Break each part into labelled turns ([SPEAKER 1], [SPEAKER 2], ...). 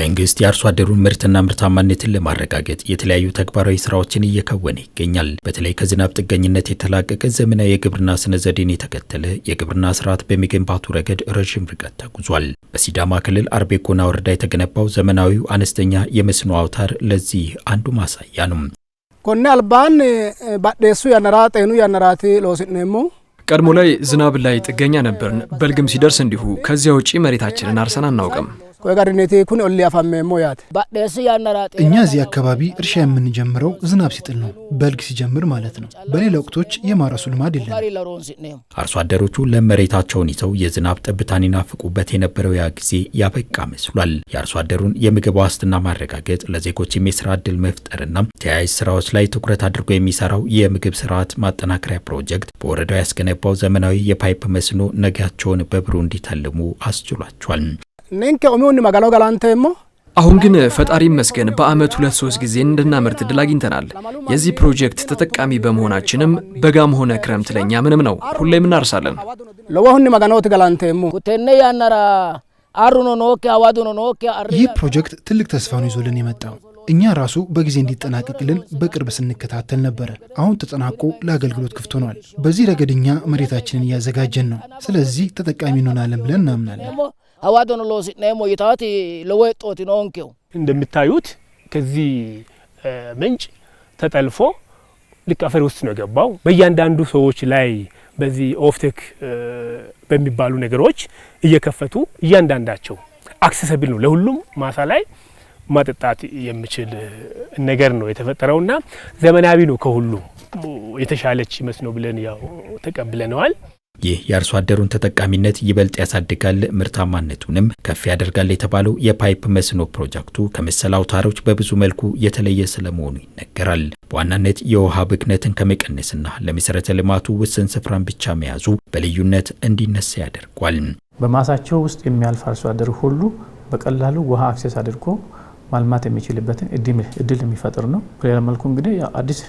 [SPEAKER 1] መንግስት የአርሶ አደሩን ምርትና ምርታማነትን ለማረጋገጥ የተለያዩ ተግባራዊ ስራዎችን እየከወነ ይገኛል። በተለይ ከዝናብ ጥገኝነት የተላቀቀ ዘመናዊ የግብርና ስነ ዘዴን የተከተለ የግብርና ስርዓት በሚገንባቱ ረገድ ረዥም ርቀት ተጉዟል። በሲዳማ ክልል አርቤ ጎና ወረዳ የተገነባው ዘመናዊው አነስተኛ የመስኖ አውታር ለዚህ አንዱ ማሳያ ነው።
[SPEAKER 2] ኮኔ አልባን ባደሱ ያነራ ጤኑ ያነራት ለወስድነሞ
[SPEAKER 3] ቀድሞ ላይ ዝናብ ላይ ጥገኛ ነበርን። በልግም ሲደርስ እንዲሁ። ከዚያ ውጪ መሬታችንን አርሰን አናውቅም።
[SPEAKER 4] እኛ እዚህ አካባቢ እርሻ የምንጀምረው ዝናብ ሲጥል ነው፣ በልግ ሲጀምር ማለት ነው። በሌላ ወቅቶች የማረሱ ልማድ የለም።
[SPEAKER 1] አርሶ አደሮቹ ለመሬታቸውን ይዘው የዝናብ ጠብታን ይናፍቁበት የነበረው ያ ጊዜ ያበቃ መስሏል። የአርሶ አደሩን የምግብ ዋስትና ማረጋገጥ፣ ለዜጎችም የስራ እድል መፍጠርና ተያያዥ ስራዎች ላይ ትኩረት አድርጎ የሚሰራው የምግብ ስርዓት ማጠናከሪያ ፕሮጀክት በወረዳው ያስገነባው ዘመናዊ የፓይፕ መስኖ ነጋቸውን በብሩ እንዲተልሙ አስችሏቸዋል።
[SPEAKER 2] ninke ኦሚውን መጋላው ገላንተ ሞ
[SPEAKER 3] አሁን ግን ፈጣሪ ይመስገን በአመት ሁለት ሶስት ጊዜ እንድናመርት ድል አግኝተናል። የዚህ ፕሮጀክት ተጠቃሚ በመሆናችንም በጋም ሆነ ክረምት ለኛ ምንም ነው፣ ሁሌም እናርሳለን።
[SPEAKER 2] ለዋሁን መጋናዎት ገላንተ ሞ ኩቴነ ያነራ
[SPEAKER 4] አሩኖ ኖኪ አዋዱኖ ኖኪ ይህ ፕሮጀክት ትልቅ ተስፋን ይዞልን የመጣው እኛ ራሱ በጊዜ እንዲጠናቀቅልን በቅርብ ስንከታተል ነበረ። አሁን ተጠናቆ ለአገልግሎት ክፍት ሆኗል። በዚህ ረገድ እኛ መሬታችንን እያዘጋጀን ነው። ስለዚህ ተጠቃሚ እንሆናለን ብለን እናምናለን። አዋዶን ሎሲኔሞ ይታት
[SPEAKER 5] ለወጦት ጦት ነውንኬው እንደምታዩት ከዚህ ምንጭ ተጠልፎ ልክ አፈር ውስጥ ነው የገባው። በእያንዳንዱ ሰዎች ላይ በዚህ ኦፍቴክ በሚባሉ ነገሮች እየከፈቱ እያንዳንዳቸው አክሰሰብል ነው ለሁሉም ማሳ ላይ ማጠጣት የሚችል ነገር ነው የተፈጠረውና ዘመናዊ ነው ከሁሉ የተሻለች መስኖ ብለን ያው ተቀብለነዋል።
[SPEAKER 1] ይህ የአርሶ አደሩን ተጠቃሚነት ይበልጥ ያሳድጋል፣ ምርታማነቱንም ከፍ ያደርጋል የተባለው የፓይፕ መስኖ ፕሮጀክቱ ከመሰል አውታሮች በብዙ መልኩ የተለየ ስለመሆኑ ይነገራል። በዋናነት የውሃ ብክነትን ከመቀነስና ለመሰረተ ልማቱ ውስን ስፍራን ብቻ መያዙ በልዩነት እንዲነሳ ያደርጓል።
[SPEAKER 6] በማሳቸው ውስጥ የሚያልፍ አርሶ አደር ሁሉ በቀላሉ ውሃ አክሴስ አድርጎ ማልማት የሚችልበትን እድል የሚፈጥር ነው። በሌላ መልኩ እንግዲህ አዲስ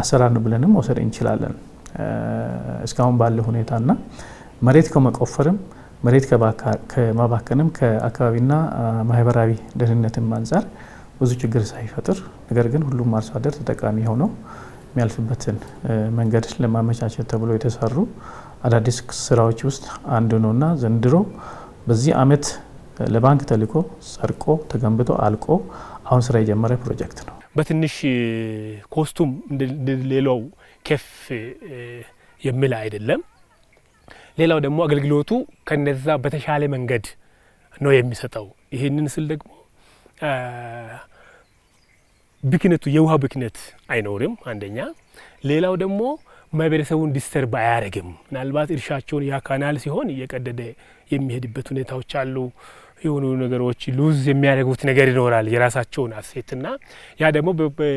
[SPEAKER 6] አሰራር ነው ብለንም መውሰድ እንችላለን። እስካሁን ሁኔታ ሁኔታና መሬት ከመቆፈርም መሬት ከማባከንም ከአካባቢና ማህበራዊ ደህንነትም አንጻር ብዙ ችግር ሳይፈጥር ነገር ግን ሁሉም አርሶ አደር ተጠቃሚ ሆነው የሚያልፍበትን መንገድ ለማመቻቸት ተብሎ የተሰሩ አዳዲስ ስራዎች ውስጥ አንዱ ነውና ዘንድሮ በዚህ አመት ለባንክ ተልኮ ጸድቆ ተገንብቶ አልቆ አሁን ስራ የጀመረ ፕሮጀክት ነው።
[SPEAKER 5] በትንሽ ኮስቱም ሌላው ከፍ የሚል አይደለም። ሌላው ደግሞ አገልግሎቱ ከነዛ በተሻለ መንገድ ነው የሚሰጠው። ይህንን ስል ደግሞ ብክነቱ የውሃ ብክነት አይኖርም፣ አንደኛ። ሌላው ደግሞ ማህበረሰቡን ዲስተርብ አያደርግም። ምናልባት እርሻቸውን ያ ካናል ሲሆን እየቀደደ የሚሄድበት ሁኔታዎች አሉ። የሆኑ ነገሮች ሉዝ የሚያደርጉት ነገር ይኖራል፣ የራሳቸውን አሴትና ያ ደግሞ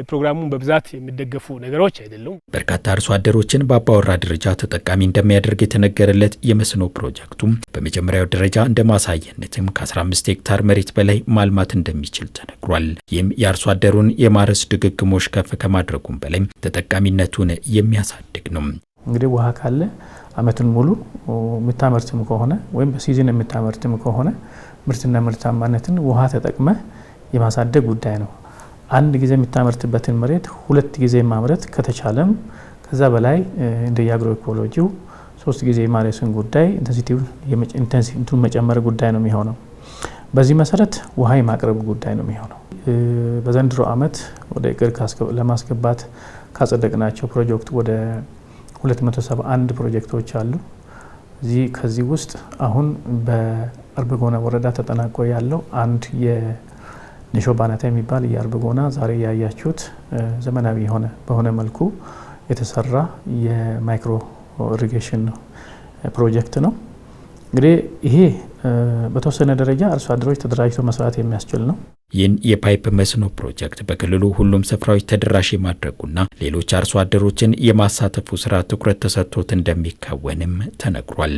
[SPEAKER 5] ፕሮግራሙን በብዛት የሚደገፉ ነገሮች አይደሉም።
[SPEAKER 1] በርካታ አርሶ አደሮችን በአባወራ ደረጃ ተጠቃሚ እንደሚያደርግ የተነገረለት የመስኖ ፕሮጀክቱም በመጀመሪያው ደረጃ እንደ ማሳየነትም ከ15 ሄክታር መሬት በላይ ማልማት እንደሚችል ተነግሯል። ይህም የአርሶ አደሩን የማረስ ድግግሞሽ ከፍ ከማድረጉም በላይ ተጠቃሚነቱን የሚያሳድግ ነው።
[SPEAKER 6] እንግዲህ ውሃ ካለ አመትን ሙሉ የምታመርትም ከሆነ ወይም በሲዝን የምታመርትም ከሆነ ምርትና ምርታማነትን ውሃ ተጠቅመ የማሳደግ ጉዳይ ነው። አንድ ጊዜ የምታመርትበትን መሬት ሁለት ጊዜ ማምረት ከተቻለም ከዛ በላይ እንደ የአግሮ ኢኮሎጂው ሶስት ጊዜ የማረስን ጉዳይ ኢንቴንሲቲቭ መጨመር ጉዳይ ነው የሚሆነው። በዚህ መሰረት ውሃ የማቅረብ ጉዳይ ነው የሚሆነው። በዘንድሮ አመት ወደ እቅድ ለማስገባት ካጸደቅናቸው ፕሮጀክት ወደ 271 ፕሮጀክቶች አሉ። እዚህ ከዚህ ውስጥ አሁን በአርብጎና ወረዳ ተጠናቆ ያለው አንድ የኒሾ ባናታ የሚባል የአርብጎና ዛሬ ያያችሁት ዘመናዊ የሆነ በሆነ መልኩ የተሰራ የማይክሮ ኢሪጌሽን ፕሮጀክት ነው። እንግዲህ ይሄ በተወሰነ ደረጃ አርሶ አደሮች ተደራጅቶ መስራት የሚያስችል ነው።
[SPEAKER 1] ይህን የፓይፕ መስኖ ፕሮጀክት በክልሉ ሁሉም ስፍራዎች ተደራሽ የማድረጉና ሌሎች አርሶ አደሮችን የማሳተፉ ስራ ትኩረት ተሰጥቶት እንደሚከወንም ተነግሯል።